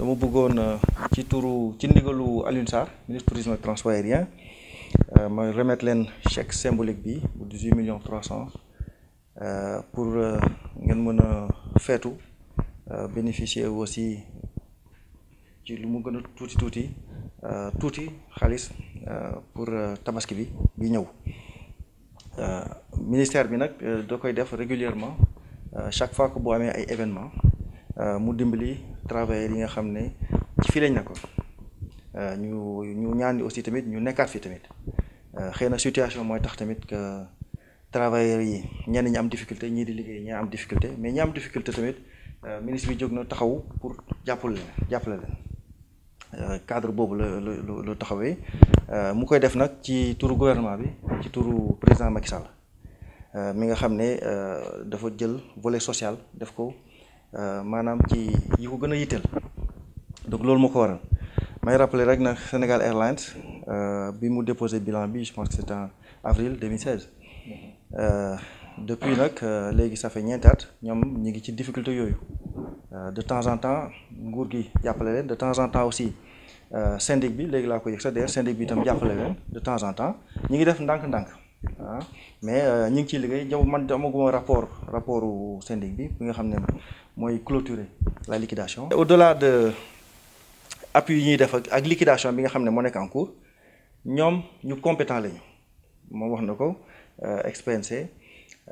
dama bëggoon euh, ci turu ci ndigalu Alioune Sarr ministre tourisme ak transport aérien euh, ma remettre leen chèque symbolique bi bu 18 millions 300 euh, pour ngeen mën a feetu bénéficier aussi ci lu mu gën a tuuti tuuti tuuti xaalis pour tabaski bi bi ñëw ministère bi nag da def régulièrement chaque fois que boo amee ay événement Euh, mu dimbali travailleurs yi nga xam ne ci fii lañ nekkoon euh, ñu ñu ñaan aussi tamit ñu nekkaat fii tamit euh, xëy na situation mooy tax tamit que travailleurs yi ñenn ñi am difficulté ñii di liggéey ñi am difficulté mais ñi am difficulté tamit ministre bi jóg na taxaw pour jàppale leen jàppale leen cadre boobu la la taxawee mu koy def nag ci tour gouvernement bi ci turu président Macky Sall mi nga xam ne dafa jël volet social def ko. Euh, maanaam ci yi ko gën a yitteel donc loolu moo ko waral may rappeler rek na Sénégal Airlines euh, bi mu déposé bilan bi je pense que c'est en avril 2016 euh, depuis nag léegi ça fait ñeenti at ñoom ñu ngi ci difficulté yooyu de temps en temps nguur gi jàppale leen de temps en temps aussi syndic bi léegi laa ko yëg sax d'ailleurs syndic bi itam jàppale leen de temps en temps ñu ngi def ndànk-ndànk. ah mais euh, ñu ngi ciy liggéey jaw man amaguma rapport rapport syndic bi bi nga xam ne mooy clôturer la liquidation. au delà de appui yi ñuy def ak liquidation bi nga xam ne moo nekk ñoom ñu compétent lañu moom wax na ko euh, expérience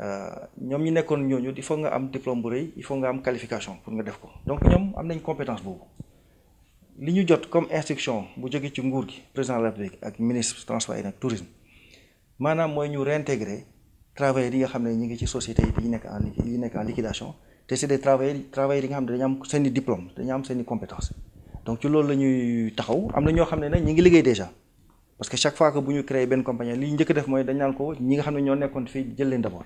euh, ñoom ñi nekkoon ñooñu il faut nga am diplôme bu rëy il faut nga am qualification pour nga def ko donc ñoom am nañ compétence boobu li ñu jot comme instruction bu jóge ci nguur gi président de la République ak ministre transport et nag maanaam mooy ñu réintégrer travailleurs yi nga xam ne ñu ngi ci société yi nekk en yi nekk en liquidation te c'est des travailleurs travailleurs yi nga xam ne dañu am seen i dañu am seen compétence donc ci loolu la ñuy taxaw am na ñoo xam ne nag ñu ngi liggéey déjà parce que chaque fois que bu ñu créé benn compagnie li ñu njëkk mooy dañ naan ko ñi nga xam ne ñoo nekkoon fii jël leen d'abord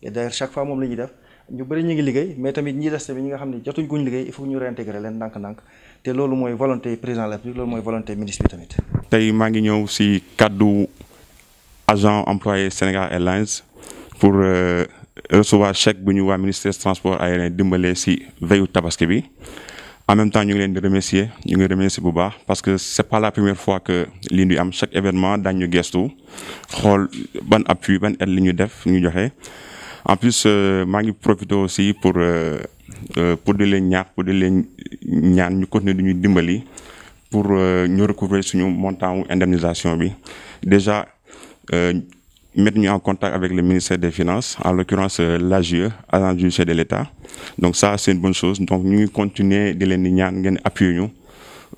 et chaque fois moom la def ñu bëri ñu ngi liggéey mais tamit ñi des tamit ñi nga xam ne jotuñ kuñ liggéey il faut ñu réintégrer leen ndànk-ndànk te loolu mooy volonté président de la République loolu mooy volonté ministre bi tamit tey maa si kàddu agent employé Sénégal Airlines pour euh, recevoir chèque bu ñu ministère transport aérien dimbalé si veille tabaski bi en même temps ñu ngi leen di remercier ñu ngi remercier bu baax parce que c'est pas la première fois que li ñu am chaque événement daañu gestu xol ban appui ban aide li ñu def ñu joxé en plus euh, m'a ngi profité aussi pour euh, pour les leen ñaax pour de leen ñaan ñu continuer di dimbali pour ñu recouvrer suñu montant indemnisation bi déjà euh, mettre en contact avec le ministère des Finances, en l'occurrence euh, l'AGE, agent du de l'État. Donc ça, c'est une bonne chose. Donc nous continuons de les appuyer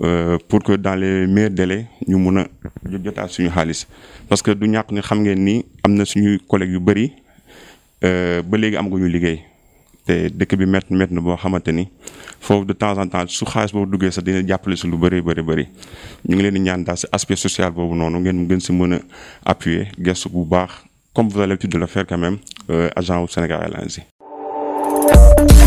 euh, pour que dans les meilleurs délais ñu mun a à suñu xaalis parce que nous savons que xam ngeen ni am qui suñu collègues yu bëri euh, ba léegi amaguñu te dëkk bi met met na boo xamante ni foofu de temps en temps su xaalis boobu duggee sax dina jàppale si lu bëri bëri bëri ñu ngi leen di ñaan daal si aspect social boobu noonu ngeen gën si mën a appuyer gëstu bu baax comme vous avez l'habitude de le faire quand même euh, agent wu Sénégal Airlines yi